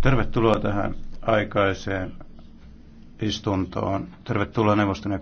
Tervetuloa tähän aikaiseen istuntoon. Tervetuloa neuvoston ja